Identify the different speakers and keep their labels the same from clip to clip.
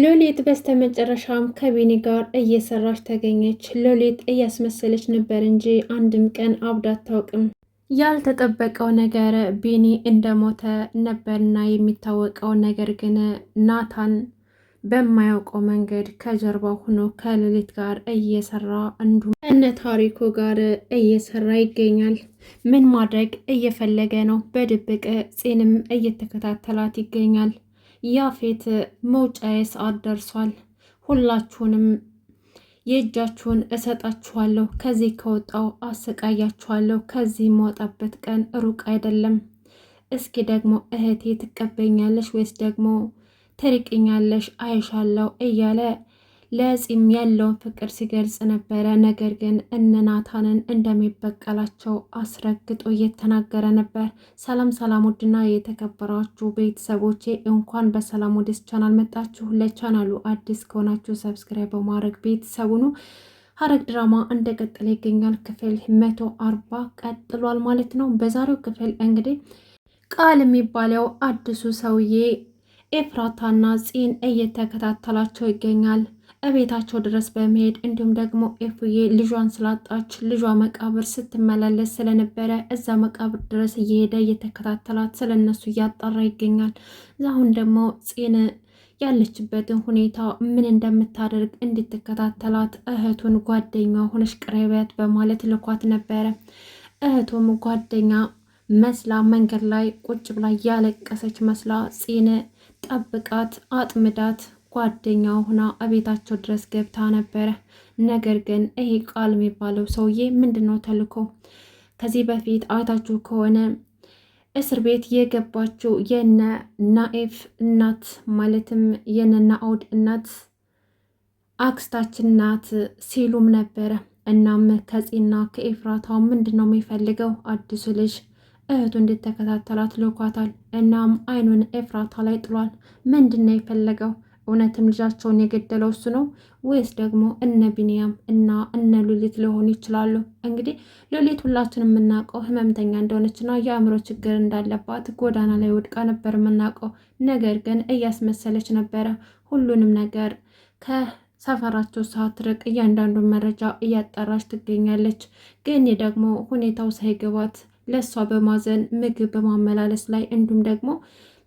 Speaker 1: ሎሌት በስተመጨረሻም ከቢኒ ጋር እየሰራች ተገኘች። ሎሌት እያስመሰለች ነበር እንጂ አንድም ቀን አብዳ አታውቅም። ያልተጠበቀው ነገር ቢኒ እንደሞተ ነበርና የሚታወቀው ነገር ግን ናታን በማያውቀው መንገድ ከጀርባ ሆኖ ከሉሊት ጋር እየሰራ እንዲሁም እነ ታሪኩ ጋር እየሰራ ይገኛል። ምን ማድረግ እየፈለገ ነው? በድብቅ ጽንም እየተከታተላት ይገኛል። ያፌት መውጫዬ ሰዓት ደርሷል፣ ሁላችሁንም የእጃችሁን እሰጣችኋለሁ፣ ከዚህ ከወጣው አሰቃያችኋለሁ፣ ከዚህ የማወጣበት ቀን ሩቅ አይደለም። እስኪ ደግሞ እህቴ ትቀበኛለሽ ወይስ ደግሞ ትርቅኛለሽ? አይሻለሁ እያለ ለፂም ያለውን ፍቅር ሲገልጽ ነበረ። ነገር ግን እነ ናታንን እንደሚበቀላቸው አስረግጦ እየተናገረ ነበር። ሰላም ሰላም! ውድና የተከበራችሁ ቤተሰቦቼ እንኳን በሰላም ወደስ ቻናል መጣችሁ። ለቻናሉ አዲስ ከሆናችሁ ሰብስክራይብ በማድረግ ቤተሰቡኑ ሐረግ ድራማ እንደቀጠለ ይገኛል። ክፍል መቶ አርባ ቀጥሏል ማለት ነው። በዛሬው ክፍል እንግዲህ ቃል የሚባለው አዲሱ ሰውዬ ኤፍራታና ፂን እየተከታተላቸው ይገኛል። እቤታቸው ድረስ በመሄድ እንዲሁም ደግሞ ኤፍዬ ልጇን ስላጣች ልጇ መቃብር ስትመላለስ ስለነበረ እዛ መቃብር ድረስ እየሄደ እየተከታተላት ስለነሱ እያጣራ ይገኛል። አሁን ደግሞ ጽን ያለችበትን ሁኔታ ምን እንደምታደርግ እንድትከታተላት እህቱን ጓደኛ ሆነች ቅረቢያት በማለት ልኳት ነበረ። እህቱም ጓደኛ መስላ መንገድ ላይ ቁጭ ብላ ያለቀሰች መስላ ጽን ጠብቃት አጥምዳት ጓደኛው ሆና እቤታቸው ድረስ ገብታ ነበረ። ነገር ግን ይሄ ቃል የሚባለው ሰውዬ ምንድን ነው ተልኮ? ከዚህ በፊት አይታችሁ ከሆነ እስር ቤት የገባችው የነ ናኤፍ እናት ማለትም የነ ናኦድ እናት አክስታችን ናት ሲሉም ነበረ። እናም ከጺና ከኤፍራታ ምንድን ነው የሚፈልገው አዲሱ ልጅ እህቱ እንድትከታተላት ልኳታል። እናም አይኑን ኤፍራታ ላይ ጥሏል። ምንድን ነው የፈለገው? እውነትም ልጃቸውን የገደለው እሱ ነው ወይስ ደግሞ እነ ቢንያም እና እነ ሉሊት ሊሆኑ ይችላሉ? እንግዲህ ሉሊት ሁላችን የምናውቀው ህመምተኛ እንደሆነችና የአእምሮ ችግር እንዳለባት ጎዳና ላይ ወድቃ ነበር የምናውቀው። ነገር ግን እያስመሰለች ነበረ ሁሉንም ነገር ከ ሰፈራቸው ሳትርቅ እያንዳንዱን መረጃ እያጣራች ትገኛለች። ግን ደግሞ ሁኔታው ሳይገባት ለእሷ በማዘን ምግብ በማመላለስ ላይ እንዲሁም ደግሞ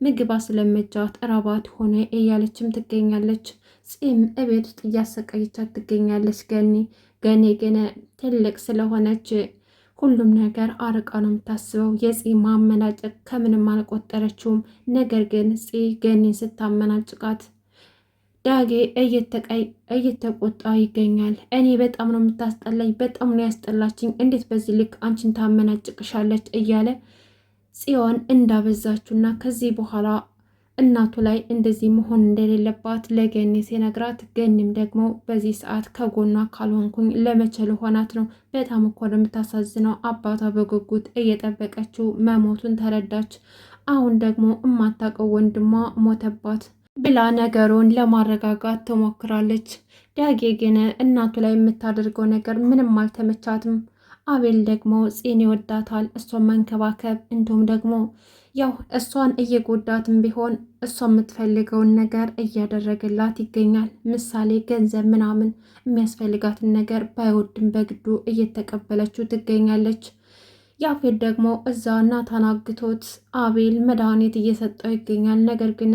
Speaker 1: ምግብ አስለመጃት እራባት ሆነ እያለችም ትገኛለች። ጺም እቤት ውስጥ እያሰቃየቻት ትገኛለች። ገኒ ገኔ ግን ትልቅ ስለሆነች ሁሉም ነገር አርቃ ነው የምታስበው። የጺ ማመናጨቅ ከምንም አልቆጠረችውም። ነገር ግን ጺ ገኒን ስታመናጭቃት ዳጌ እየተቆጣ ይገኛል። እኔ በጣም ነው የምታስጠላኝ፣ በጣም ነው ያስጠላችኝ፣ እንዴት በዚህ ልክ አንቺን ታመናጭቅሻለች እያለ ጽዮን እንዳበዛችሁና ከዚህ በኋላ እናቱ ላይ እንደዚህ መሆን እንደሌለባት ለገኔ ሲነግራት፣ ገኒም ደግሞ በዚህ ሰዓት ከጎኗ ካልሆንኩኝ ለመቼ ልሆናት ነው? በጣም እኮ የምታሳዝነው። አባቷ በጉጉት እየጠበቀችው መሞቱን ተረዳች። አሁን ደግሞ እማታውቀው ወንድሟ ሞተባት። ብላ ነገሩን ለማረጋጋት ትሞክራለች። ዳጌ ግን እናቱ ላይ የምታደርገው ነገር ምንም አልተመቻትም። አቤል ደግሞ ፂን ይወዳታል። እሷን መንከባከብ እንዲሁም ደግሞ ያው እሷን እየጎዳትም ቢሆን እሷ የምትፈልገውን ነገር እያደረገላት ይገኛል። ምሳሌ ገንዘብ ምናምን የሚያስፈልጋትን ነገር ባይወድም በግዱ እየተቀበለችው ትገኛለች። ያፌት ደግሞ እዛ እናታን አግቶት አቤል መድኃኒት እየሰጠው ይገኛል። ነገር ግን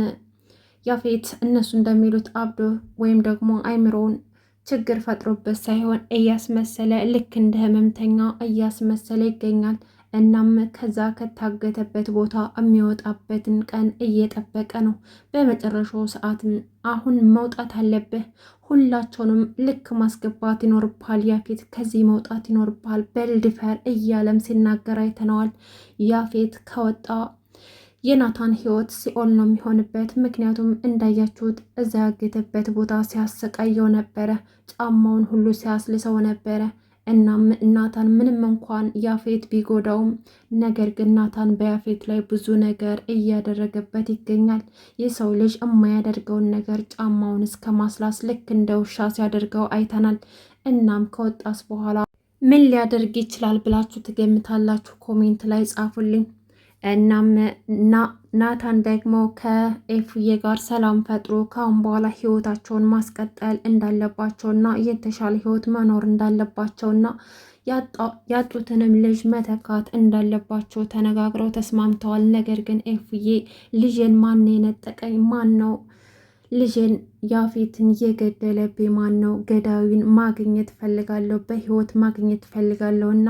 Speaker 1: ያፌት እነሱ እንደሚሉት አብዶ ወይም ደግሞ አይምሮውን ችግር ፈጥሮበት ሳይሆን እያስመሰለ ልክ እንደ ህመምተኛ እያስመሰለ ይገኛል። እናም ከዛ ከታገተበት ቦታ የሚወጣበትን ቀን እየጠበቀ ነው። በመጨረሻው ሰዓትም አሁን መውጣት አለብህ፣ ሁላቸውንም ልክ ማስገባት ይኖርብሃል፣ ያፌት ከዚህ መውጣት ይኖርብሃል፣ በልድፈር እያለም ሲናገር አይተነዋል። ያፌት ከወጣ የናታን ህይወት ሲኦል ነው የሚሆንበት። ምክንያቱም እንዳያችሁት እዛ ያገተበት ቦታ ሲያሰቃየው ነበረ፣ ጫማውን ሁሉ ሲያስልሰው ነበረ። እናም ናታን ምንም እንኳን ያፌት ቢጎዳውም ነገር ግን ናታን በያፌት ላይ ብዙ ነገር እያደረገበት ይገኛል። የሰው ልጅ የማያደርገውን ነገር ጫማውን እስከ ማስላስ ልክ እንደ ውሻ ሲያደርገው አይተናል። እናም ከወጣስ በኋላ ምን ሊያደርግ ይችላል ብላችሁ ትገምታላችሁ? ኮሜንት ላይ ጻፉልኝ። እናም ናታን ደግሞ ከኤፍዬ ጋር ሰላም ፈጥሮ ካሁን በኋላ ህይወታቸውን ማስቀጠል እንዳለባቸውና የተሻለ ህይወት መኖር እንዳለባቸውና ያጡትንም ልጅ መተካት እንዳለባቸው ተነጋግረው ተስማምተዋል። ነገር ግን ኤፍዬ ልጄን ማን የነጠቀኝ ማን ነው? ልጄን ያፌትን የገደለብኝ ማን ነው? ገዳዩን ማግኘት ፈልጋለሁ፣ በህይወት ማግኘት ፈልጋለሁ እና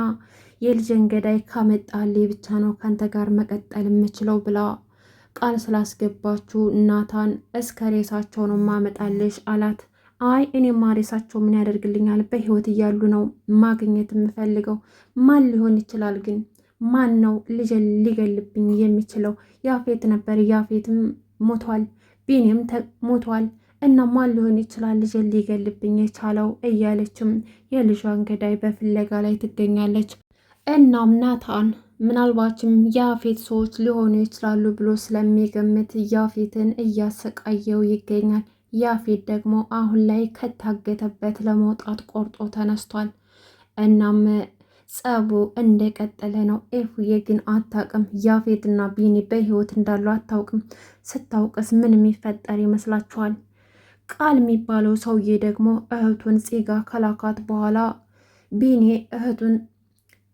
Speaker 1: የልጅን ገዳይ ካመጣሌ ብቻ ነው ካንተ ጋር መቀጠል የምችለው ብላ ቃል ስላስገባችሁ ናታን እስከ ሬሳቸው ነው ማመጣልሽ አላት። አይ እኔማ ሬሳቸው ምን ያደርግልኛል? በህይወት እያሉ ነው ማግኘት የምፈልገው። ማን ሊሆን ይችላል ግን? ማን ነው ልጅ ሊገልብኝ የሚችለው? ያፌት ነበር። ያፌትም ሞቷል፣ ቢኒም ሞቷል። እና ማን ሊሆን ይችላል ልጅ ሊገልብኝ የቻለው? እያለችም የልጇን ገዳይ በፍለጋ ላይ ትገኛለች። እናም ናታን ምናልባትም ያፌት ሰዎች ሊሆኑ ይችላሉ ብሎ ስለሚገምት ያፌትን እያሰቃየው ይገኛል። ያፌት ደግሞ አሁን ላይ ከታገተበት ለመውጣት ቆርጦ ተነስቷል። እናም ጸቡ እንደቀጠለ ነው። ኤፉዬ ግን አታውቅም። ያፌትና ቢኒ በህይወት እንዳሉ አታውቅም። ስታውቅስ ምን የሚፈጠር ይመስላችኋል? ቃል የሚባለው ሰውዬ ደግሞ እህቱን ጽጋ ከላካት በኋላ ቢኒ እህቱን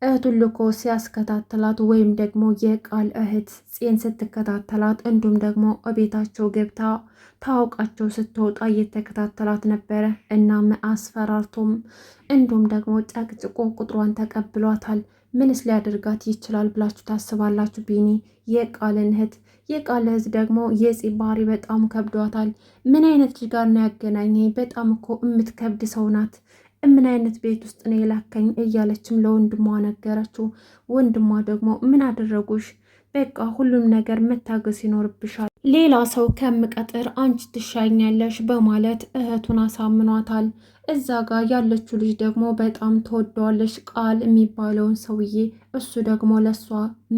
Speaker 1: እህቱን ልኮ ሲያስከታተላት ወይም ደግሞ የቃል እህት ፄን ስትከታተላት እንዲሁም ደግሞ እቤታቸው ገብታ ታውቃቸው ስትወጣ እየተከታተላት ነበረ። እናም አስፈራርቶም እንዲሁም ደግሞ ጨቅጭቆ ቁጥሯን ተቀብሏታል። ምንስ ሊያደርጋት ይችላል ብላችሁ ታስባላችሁ? ቢኒ የቃልን እህት የቃል እህት ደግሞ የጽ ባህሪ በጣም ከብዷታል። ምን አይነት ልጅ ጋር ነው ያገናኘኝ? በጣም እኮ የምትከብድ ሰው ናት ምን አይነት ቤት ውስጥ ነው የላከኝ እያለችም ለወንድሟ ነገረችው። ወንድሟ ደግሞ ምን አደረጉሽ? በቃ ሁሉም ነገር መታገስ ይኖርብሻል፣ ሌላ ሰው ከምቀጥር አንቺ ትሻኛለሽ በማለት እህቱን አሳምኗታል። እዛ ጋር ያለችው ልጅ ደግሞ በጣም ተወደዋለች ቃል የሚባለውን ሰውዬ። እሱ ደግሞ ለእሷ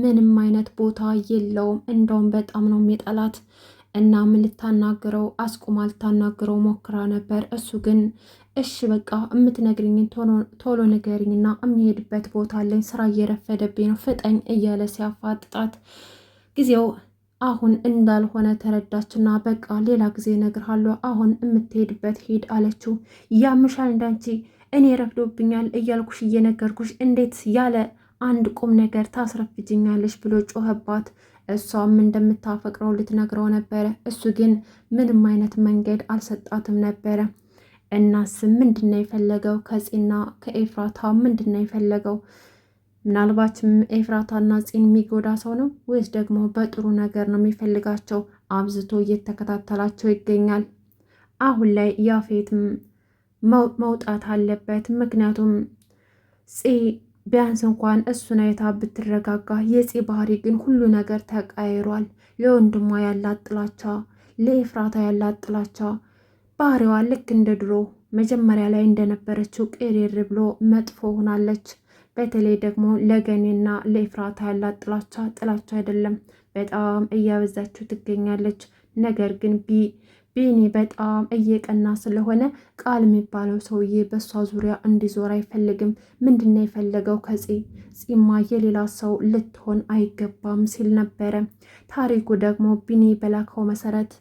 Speaker 1: ምንም አይነት ቦታ የለውም፣ እንደውም በጣም ነው የሚጠላት እና ምን ልታናግረው አስቁማ ልታናግረው ሞክራ ነበር። እሱ ግን እሺ በቃ የምትነግርኝን ቶሎ ንገሪኝና የሚሄድበት ቦታ አለኝ፣ ስራ እየረፈደብኝ ነው፣ ፍጠኝ እያለ ሲያፋጥጣት ጊዜው አሁን እንዳልሆነ ተረዳችና በቃ ሌላ ጊዜ እነግርሃለሁ፣ አሁን የምትሄድበት ሂድ አለችው። ያምሻል እንዳንቺ እኔ ረፍዶብኛል እያልኩሽ እየነገርኩሽ እንዴት ያለ አንድ ቁም ነገር ታስረፍጅኛለሽ ብሎ ጮኸባት። እሷም እንደምታፈቅረው ልትነግረው ነበረ። እሱ ግን ምንም አይነት መንገድ አልሰጣትም ነበረ። እናስ ምንድን ነው የፈለገው? ከፂና ከኤፍራታ ምንድን ነው የፈለገው? ምናልባትም ኤፍራታና ፂን የሚጎዳ ሰው ነው ወይስ ደግሞ በጥሩ ነገር ነው የሚፈልጋቸው? አብዝቶ እየተከታተላቸው ይገኛል። አሁን ላይ ያፌት መውጣት አለበት። ምክንያቱም ፂ ቢያንስ እንኳን እሱን አይታ ብትረጋጋ፣ የፂ ባህሪ ግን ሁሉ ነገር ተቃይሯል። ለወንድሟ ያላት ጥላቻ፣ ለኤፍራታ ያላት ጥላቻ ባህሪዋ ልክ እንደ ድሮ መጀመሪያ ላይ እንደነበረችው ቅሬር ብሎ መጥፎ ሆናለች። በተለይ ደግሞ ለገኔና ለኤፍራታ ያላት ጥላቻ ጥላቻ አይደለም፣ በጣም እያበዛችው ትገኛለች። ነገር ግን ቢ ቢኒ በጣም እየቀና ስለሆነ ቃል የሚባለው ሰውዬ በእሷ ዙሪያ እንዲዞር አይፈልግም። ምንድነው የፈለገው? ከጺ ጺማ የሌላ ሰው ልትሆን አይገባም ሲል ነበረ። ታሪኩ ደግሞ ቢኒ በላከው መሰረት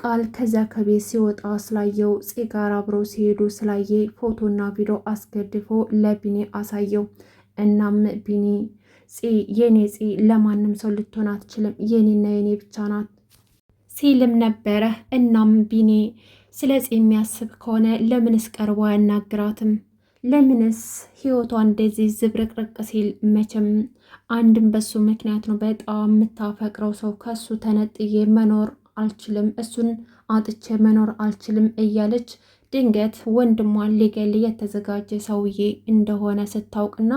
Speaker 1: ቃል ከዚያ ከቤት ሲወጣ ስላየው ፄ ጋር አብረው ሲሄዱ ስላየ ፎቶና ቪዲዮ አስገድፎ ለቢኒ አሳየው። እናም ቢኒ ፄ የኔ ፄ ለማንም ሰው ልትሆን አትችልም፣ የኔና የኔ ብቻ ናት ሲልም ነበረ። እናም ቢኒ ስለ ፄ የሚያስብ ከሆነ ለምንስ ቀርቦ አያናግራትም? ለምንስ ህይወቷ እንደዚህ ዝብርቅርቅ ሲል? መቼም አንድም በሱ ምክንያት ነው በጣም የምታፈቅረው ሰው ከሱ ተነጥዬ መኖር አልችልም፣ እሱን አጥቼ መኖር አልችልም እያለች ድንገት ወንድሟን ሊገል የተዘጋጀ ሰውዬ እንደሆነ ስታውቅና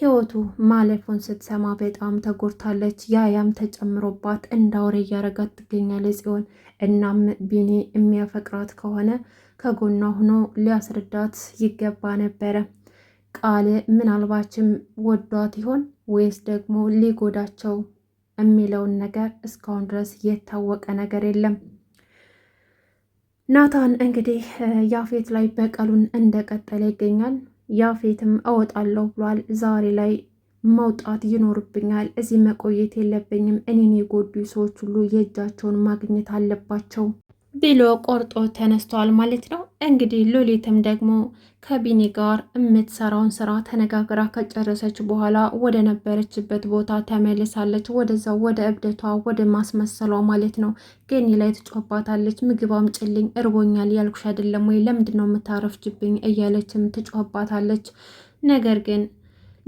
Speaker 1: ህይወቱ ማለፉን ስትሰማ በጣም ተጎድታለች። ያያም ተጨምሮባት እንዳውሬ እያረጋት ትገኛለች ጽዮን። እናም ቢኒ የሚያፈቅራት ከሆነ ከጎኗ ሆኖ ሊያስረዳት ይገባ ነበረ። ቃል ምናልባችም ወዷት ይሆን ወይስ ደግሞ ሊጎዳቸው የሚለውን ነገር እስካሁን ድረስ የታወቀ ነገር የለም። ናታን እንግዲህ ያፌት ላይ በቀሉን እንደቀጠለ ይገኛል። ያፌትም እወጣለሁ ብሏል። ዛሬ ላይ መውጣት ይኖርብኛል፣ እዚህ መቆየት የለብኝም፣ እኔን የጎዱ ሰዎች ሁሉ የእጃቸውን ማግኘት አለባቸው ብሎ ቆርጦ ተነስተዋል ማለት ነው። እንግዲህ ሉሊትም ደግሞ ከቢኒ ጋር የምትሰራውን ስራ ተነጋግራ ከጨረሰች በኋላ ወደ ነበረችበት ቦታ ተመልሳለች። ወደዛው ወደ እብደቷ ወደ ማስመሰሏ ማለት ነው። ገኒ ላይ ትጮባታለች። ምግብ አምጪልኝ እርቦኛል ያልኩሽ አይደለም ወይ? ለምንድን ነው የምታረፍጅብኝ? እያለችም ትጮባታለች። ነገር ግን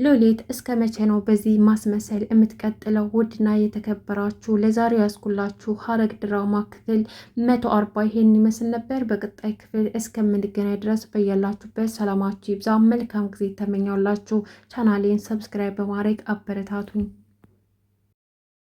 Speaker 1: ሎሌት እስከ መቼ ነው በዚህ ማስመሰል የምትቀጥለው? ውድና የተከበራችሁ ለዛሬ ያስኩላችሁ ሐረግ ድራማ ክፍል መቶ አርባ ይሄን ይመስል ነበር። በቀጣይ ክፍል እስከምንገናኝ ድረስ በያላችሁበት ሰላማችሁ ይብዛ። መልካም ጊዜ ተመኛላችሁ። ቻናሌን ሰብስክራይብ በማድረግ አበረታቱኝ።